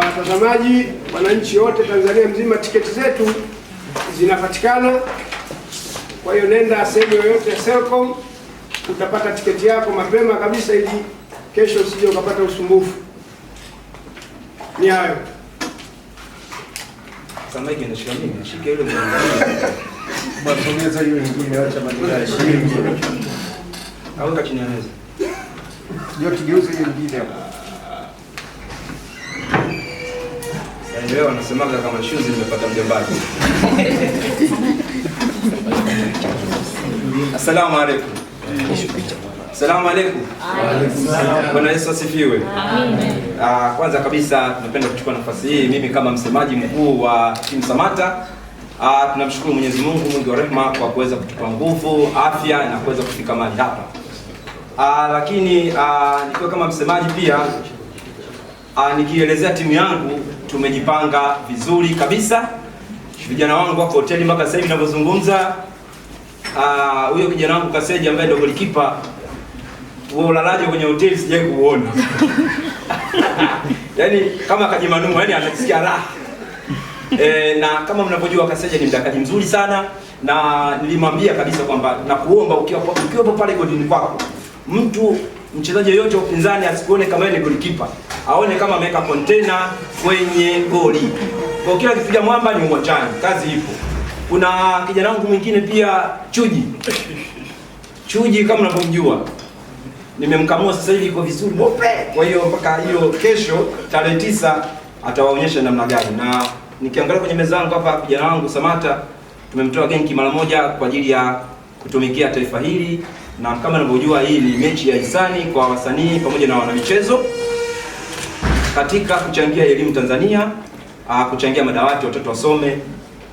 Watazamaji, wananchi wote Tanzania mzima, tiketi zetu zinapatikana. Kwa hiyo nenda sehemu yoyote ya Selcom utapata tiketi yako mapema kabisa, ili kesho usije ukapata usumbufu. Ni hayo leo anasemaga kama shoes nimepata mjambazi. Asalamu alaykum. Asalamu alaykum. Bwana Yesu asifiwe. Amen. Ah, Kwanza kabisa tunapenda kuchukua nafasi hii mimi kama msemaji mkuu wa timu Samata. Ah, tunamshukuru Mwenyezi Mungu mwingi wa rehema kwa kuweza kutupa nguvu, afya na kuweza kufika mahali hapa. Ah, lakini ah, nikiwa kama msemaji pia ah, nikielezea timu yangu tumejipanga vizuri kabisa. Vijana wangu wako hoteli mpaka sasa hivi ninavyozungumza. Ah, huyo kijana wangu Kaseja ambaye ndio golikipa, wewe ulalaje kwenye hoteli? sijai kuona yaani kama akajimanua, yani anasikia raha E, na kama mnavyojua Kaseja ni mdakaji mzuri sana, na nilimwambia kabisa kwamba nakuomba ukiwa ukiwa pale golini kwako, mtu mchezaji yoyote wa upinzani asikuone kama yeye ni golikipa aone kama ameweka container kwenye goli. Kwa kila kipiga mwamba ni uwanjani, kazi ipo. Kuna kijana wangu mwingine pia Chuji. Chuji kama unavyomjua nimemkamua sasa hivi iko vizuri bope. Kwa hiyo mpaka hiyo kesho tarehe tisa atawaonyesha namna gani, na nikiangalia kwenye meza yangu hapa, kijana wangu Samata tumemtoa genki mara moja kwa ajili ya kutumikia taifa hili, na kama unavyojua hii ni mechi ya hisani kwa wasanii pamoja na wanamichezo katika kuchangia elimu Tanzania, uh, kuchangia madawati watoto wasome.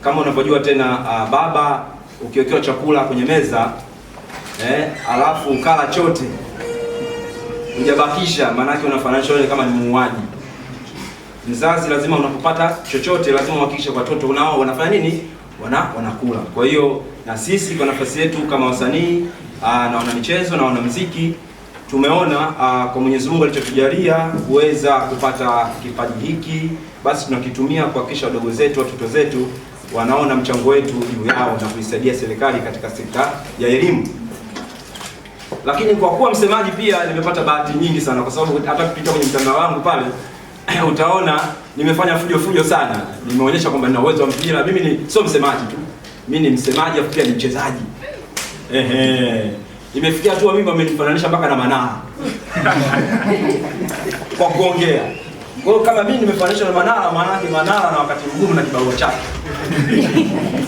Kama unavyojua tena, uh, baba ukiwekewa chakula kwenye meza eh, alafu ukala chote hujabakisha, maanake financial kama ni muuaji. Mzazi lazima unapopata chochote lazima uhakikishe kwa watoto unao wanafanya nini, wana wanakula. Kwa hiyo na sisi kwa nafasi yetu kama wasanii ah, na wanamichezo na muziki tumeona uh, kwa Mwenyezi Mungu alichotujalia kuweza kupata kipaji hiki, basi tunakitumia kuhakikisha wadogo zetu, watoto zetu wanaona mchango wetu juu yao na kuisaidia serikali katika sekta ya elimu. Lakini kwa kuwa msemaji pia nimepata bahati nyingi sana, kwa sababu hata kupita kwenye mtandao wangu pale utaona nimefanya fujo fujo sana, nimeonyesha kwamba nina uwezo wa mpira. Mimi ni sio msemaji tu, mimi ni msemaji afu pia ni mchezaji ehe Imefikia hatua mimi wamenifananisha mpaka na Manara kwa kuongea. Kwa hiyo kama mimi nimefananisha na Manara, maana yake Manara na wakati mgumu na kibarua chake.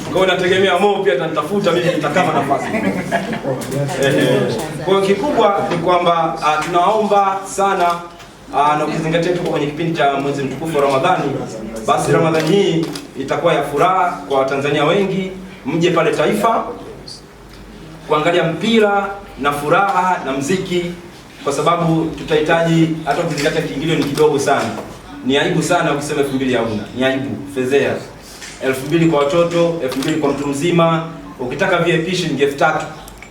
Kwa hiyo nategemea Mo pia atanitafuta mimi nitakama nafasi. Kwa hiyo kikubwa ni kwamba uh, tunaomba sana uh, na ukizingatia tuko kwenye kipindi cha mwezi mtukufu wa Ramadhani, basi Ramadhani hii itakuwa ya furaha kwa Watanzania wengi, mje pale Taifa kuangalia mpira na furaha na mziki, kwa sababu tutahitaji hata kuzingatia kiingilio ni kidogo sana. Ni aibu sana ukisema elfu mbili hauna, ni aibu fedhea. elfu mbili kwa watoto, elfu mbili kwa mtu mzima, ukitaka VIP shilingi elfu tatu.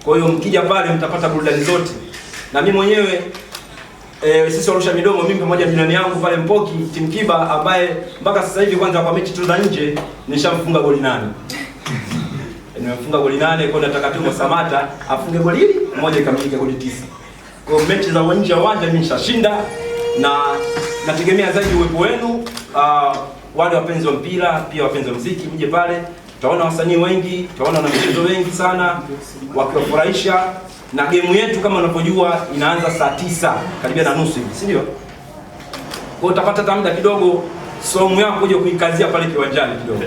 Kwa hiyo mkija pale mtapata burudani zote, na mimi mwenyewe E, sisi warusha midomo, mimi pamoja na jirani yangu pale Mpoki Tim Kiba ambaye mpaka sasa hivi, kwanza kwa mechi tu za nje nishamfunga goli nane Tumemfunga goli nane, kwa nataka tu Samata afunge goli hili moja ikamilike goli tisa. Kwa mechi za nje ya uwanja mimi nishashinda na nategemea zaidi uwepo wenu, uh, wale wapenzi wa mpira pia wapenzi wa muziki mje pale, tutaona wasanii wengi, tutaona na michezo wengi sana wakiwafurahisha, na gemu yetu kama unapojua inaanza saa tisa karibia na nusu hivi, si ndio? Kwa utapata muda kidogo somu yako kuja kuikazia pale kiwanjani kidogo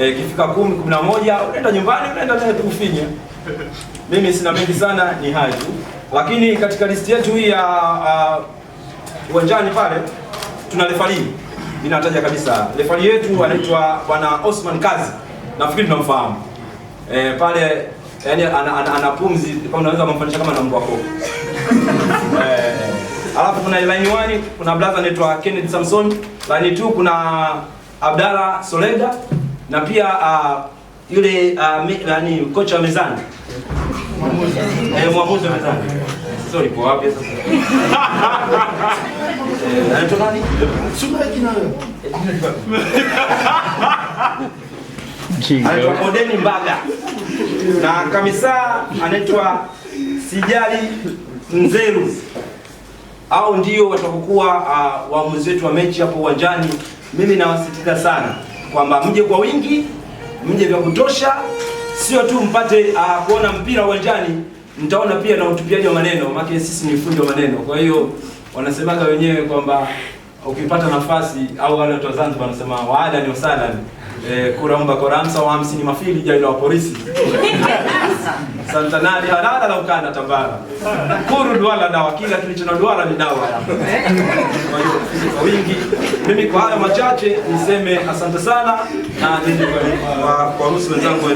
eh, kifika kumi kumi na moja unaenda nyumbani, unaenda naye kufinya. Mimi sina mengi sana, ni hayo tu, lakini katika listi yetu hii ya uwanjani pale tuna refarii, ninataja kabisa refarii yetu anaitwa Bwana Osman Kazi, nafikiri tunamfahamu eh, pale yani ana, ana, ana pumzi kama unaweza kumfanisha kama na mbwa koko eh, alafu kuna line 1 kuna brother anaitwa Kenneth Samson, line 2 kuna Abdalla Soleda na pia uh, yule uh, ah, yani kocha wa mezani eh, mwamuzi wa mezani sorry, kwa wapi sasa? Eh, anaitwa nani? Odeni Mbaga. Na kamisa anaitwa Sijali Nzeru. Au ndio watakokuwa uh, ah, waamuzi wetu wa mechi hapo uwanjani. Mimi nawasitiza sana kwamba mje kwa wingi, mje vya kutosha, sio tu mpate uh, kuona mpira uwanjani, mtaona pia na utupiaji wa maneno, maana sisi ni fundi wa maneno. Kwa hiyo wanasemaga wenyewe kwamba ukipata nafasi au wale watu wa Zanzibar wanasema ni wasalani, eh, kuraumba koramsa wa hamsini mafili jaila wa polisi Santanari halala la ukana tambara kuru duala dawa, kila kilicho na duala ni dawa. Kwa wingi, mimi kwa hayo machache niseme asante sana na kwa waruhusu wenzangu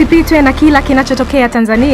Usipitwe na kila kinachotokea Tanzania.